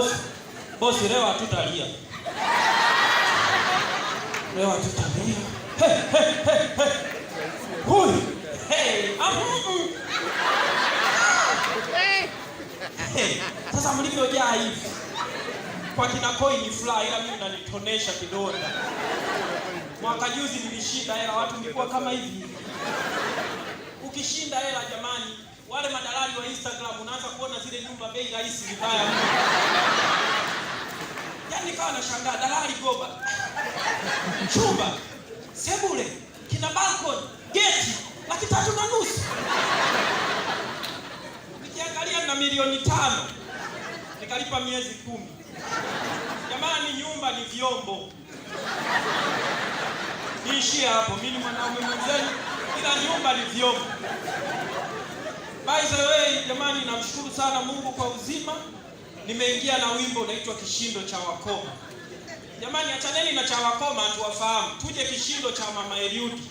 bosi, bosi, leo hatutalia, leo hatutalia. Hey, hey, hey, hey. Huyu hey, hey, sasa mlivyojaa hivi kwa kina Coin Fly, ila mimi nanitonesha kidonda. Mwaka juzi nilishinda hela, watu mlikuwa kama hivi. Ukishinda hela jamani, wale madalali wa Instagram unaanza kuona zile nyumba bei rahisi vibaya nikawa nashangaa, dalali goba, chumba sebule, kina balkon geti lakitatu na nusu, nikiangalia na milioni tano, nikalipa miezi kumi. Jamani, nyumba ni vyombo, niishie hapo. Mimi ni mwanaume mwenzenu, ila nyumba ni vyombo. By the way, jamani, namshukuru sana Mungu kwa uzima nimeingia na wimbo unaitwa Kishindo cha Wakoma. Jamani, achaneni na cha Wakoma tuwafahamu, tuje kishindo cha mama Eliudi.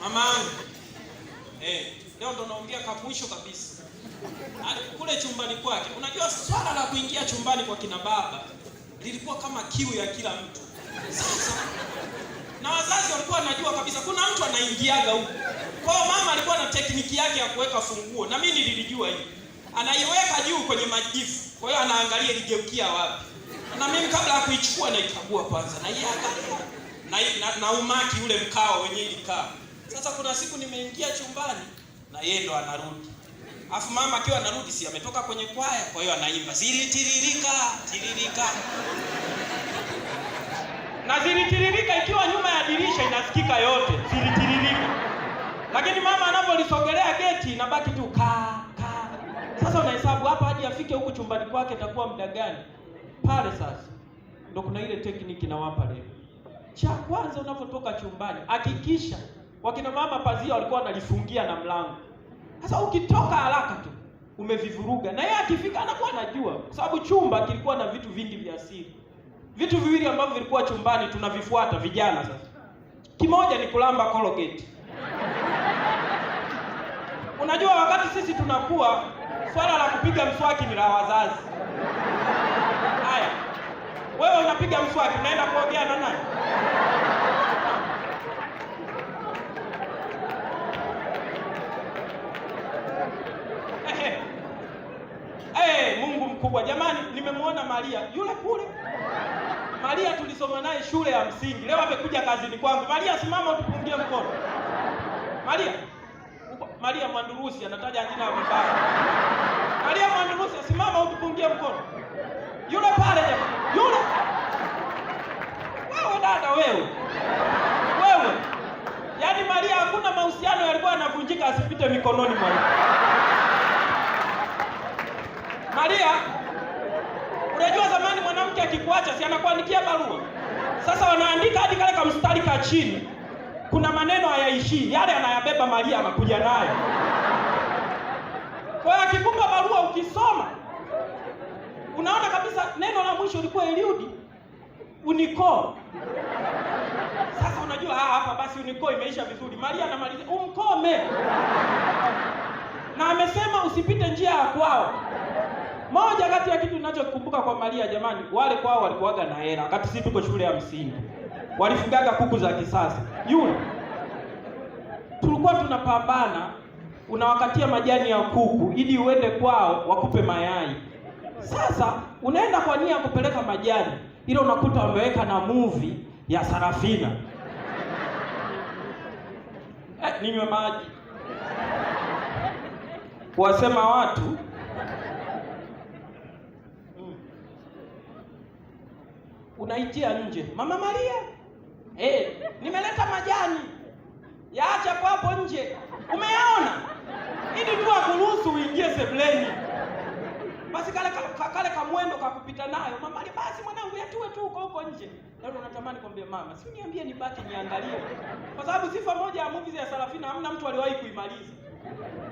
Mamangu eh, leo ndo naongea kamwisho kabisa kule chumbani kwake. Unajua, swala la kuingia chumbani kwa kina baba lilikuwa kama kiu ya kila mtu sasa, na wazazi walikuwa wanajua kabisa kuna mtu anaingiaga huko kwao. Mama alikuwa na tekniki yake ya kuweka funguo, na mimi nililijua hii anaiweka juu kwenye majifu. Kwa hiyo anaangalia iligeukia wapi, na mimi kabla ya kuichukua naikagua kwanza, naiangalia na, na, na umaki ule mkao wenye ilikaa. Sasa kuna siku nimeingia chumbani na yeye ndo anarudi, afu mama akiwa anarudi, si ametoka kwenye kwaya, kwa hiyo anaimba zilitiririka tiririka na zilitiririka ikiwa nyuma ya dirisha inasikika yote zilitiririka, lakini mama anapolisogelea geti inabaki tu kaa sasa unahesabu hapa hadi afike huku chumbani kwake atakuwa muda gani pale? Sasa ndio kuna ile tekniki nawapa leo. Cha kwanza unapotoka chumbani, hakikisha wakina mama pazia walikuwa wanalifungia na mlango. Sasa ukitoka haraka tu umevivuruga, na yeye akifika anakuwa anajua, kwa sababu chumba kilikuwa na vitu vingi vya siri. Vitu viwili ambavyo vilikuwa chumbani tunavifuata vijana sasa. Kimoja ni kulamba Colgate. Unajua wakati sisi tunakuwa swala la kupiga mswaki ni la wazazi. Haya, wewe unapiga mswaki, unaenda kuogea na nani? Mungu mkubwa jamani, nimemwona Maria yule kule. Maria tulisoma naye shule ya msingi, leo amekuja kazini kwangu. Maria, simama utupungie mkono. Maria Maria Mwandurusi anataja jina la mbaya mpungie mkono yule pale jamaa, yule. Wewe dada, wewe wewe, yaani Maria, hakuna mahusiano yalikuwa yanavunjika asipite mikononi mwa Maria. Unajua zamani mwanamke akikuacha, si anakuandikia barua? Sasa wanaandika hadi kale kamstari ka chini, kuna maneno hayaishii, yale anayabeba Maria, anakuja nayo kwa akikupa barua uniko. Sasa unajua ah, hapa basi uniko imeisha vizuri. Maria anamalizia umkome. Na amesema usipite njia ya kwao. Moja kati ya kitu ninachokumbuka kwa Maria jamani, wale kwao walikuwaga na hela. Wakati sisi tuko shule ya msingi. Walifugaga kuku za kisasa. Yule tulikuwa tunapambana, unawakatia majani ya kuku ili uende kwao wakupe mayai. Sasa unaenda kwa nia ya kupeleka majani ile unakuta wameweka na movie ya Sarafina. Eh, ninywe maji. Wasema watu hmm, unaitia nje, Mama Maria, eh, nimeleta majani, yaacha hapo nje. Umeyaona? Ili tu akuruhusu uingie sebuleni basi kale ka, kale kamwendo kakupita nayo mama, basi mwanangu, yatue tu huko huko nje. Na wewe unatamani kwambia mama, si niambie nibaki niangalie, kwa sababu sifa moja ya movie ya Sarafina hamna mtu aliwahi kuimaliza.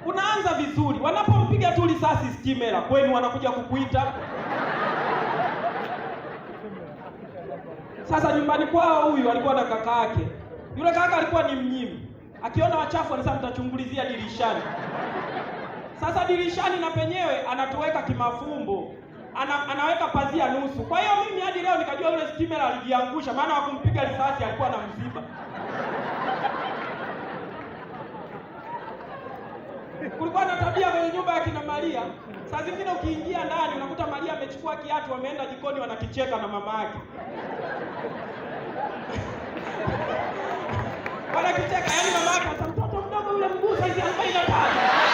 Unaanza vizuri, wanapompiga tu risasi stimela kwenu, wanakuja kukuita sasa nyumbani kwao. Huyu alikuwa na kaka yake, yule kaka alikuwa ni mnyimi, akiona wachafu anasema mtachungulizia dirishani sasa dirishani na penyewe anatuweka kimafumbo, ana, anaweka pazia nusu. Kwa hiyo mimi hadi leo nikajua yule stimela alijiangusha, maana wakumpiga risasi alikuwa na mziba. Kulikuwa na tabia kwenye nyumba ya kina Maria, saa zingine ukiingia ndani unakuta Maria amechukua kiatu, wameenda jikoni, wanakicheka na mama yake wanakicheka, yaani mama yake, mtoto mdogo yule mguu saizi arobaini na tano